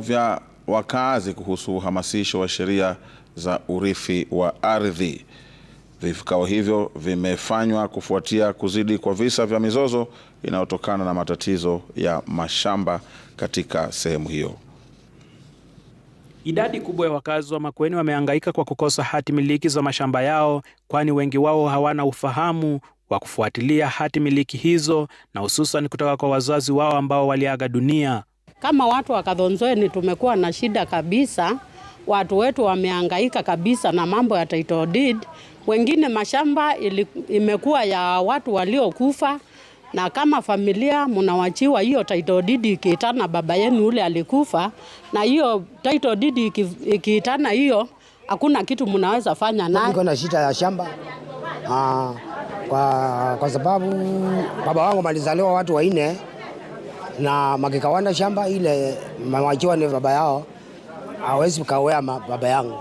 vya wakazi kuhusu uhamasisho wa sheria za urithi wa ardhi. Vikao hivyo vimefanywa kufuatia kuzidi kwa visa vya mizozo inayotokana na matatizo ya mashamba katika sehemu hiyo. Idadi kubwa ya wakazi wa Makueni wamehangaika kwa kukosa hati miliki za mashamba yao, kwani wengi wao hawana ufahamu wa kufuatilia hati miliki hizo na hususan kutoka kwa wazazi wao ambao waliaga dunia. Kama watu wa Kadhonzoeni tumekuwa na shida kabisa, watu wetu wameangaika kabisa na mambo ya title deed. Wengine mashamba ili, imekuwa ya watu waliokufa, na kama familia mnawachiwa hiyo title deed ikiitana baba yenu ule alikufa, na hiyo title deed ikiitana hiyo, hakuna kitu mnaweza fanya naye. Niko na shida ya shamba aa, ah, kwa, kwa sababu baba wangu malizaliwa watu waine na makikawanda shamba ile wakiwa ni baba yao hawezi kawea baba yangu.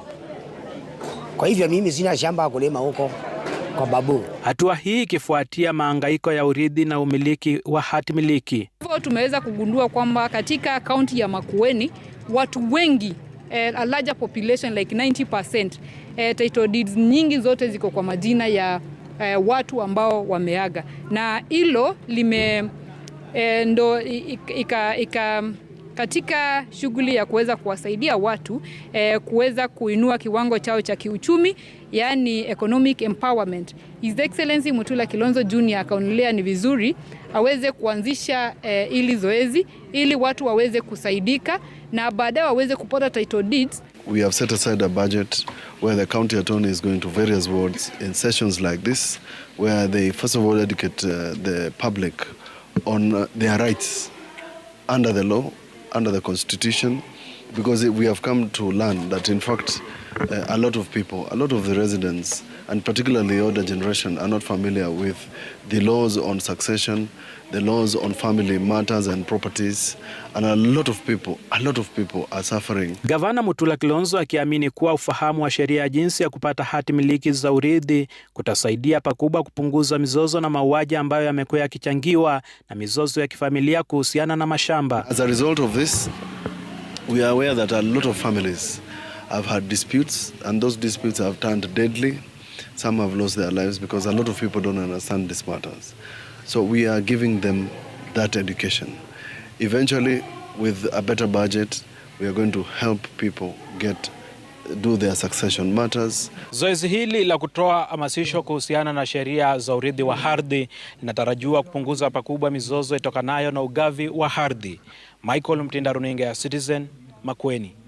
Kwa hivyo mimi sina shamba ya kulima huko kwa babu. Hatua hii ikifuatia maangaiko ya urithi na umiliki wa hati miliki. Hivyo tumeweza kugundua kwamba katika kaunti ya Makueni watu wengi eh, a larger population like 90% eh, title deeds nyingi zote ziko kwa majina ya eh, watu ambao wameaga na hilo lime e, ndo ika, ika katika shughuli ya kuweza kuwasaidia watu e, kuweza kuinua kiwango chao cha kiuchumi yani economic empowerment. His Excellency Mutula Kilonzo Junior akaonelea ni vizuri aweze kuanzisha e, ili zoezi ili watu waweze kusaidika na baadaye waweze kupata title deeds. We have set aside a budget where the county attorney is going to various wards in sessions like this where they first of all educate uh, the public on uh, their rights under the law, under the constitution, because we have come to learn that in fact uh, a lot of people, a lot of the residents, and particularly the older generation, are not familiar with the laws on succession, the laws on family matters and properties, and a lot of people, a lot of people are suffering. Gavana Mutula Kilonzo akiamini kuwa ufahamu wa sheria ya jinsi ya kupata hati miliki za urithi kutasaidia pakubwa kupunguza mizozo na mauaji ambayo yamekuwa yakichangiwa na mizozo ya kifamilia kuhusiana na mashamba. As a result of this, we are aware that a lot of families have had disputes, and those disputes have turned deadly. Some have lost their lives because a lot of people don't understand these matters. So we are giving them that education. Eventually, with a better budget, we are going to help people get do their succession matters. Zoezi hili la kutoa hamasisho kuhusiana na sheria za urithi wa ardhi linatarajiwa kupunguza pakubwa mizozo itokanayo na ugavi wa ardhi. Michael Mtinda, runinga ya Citizen, Makueni.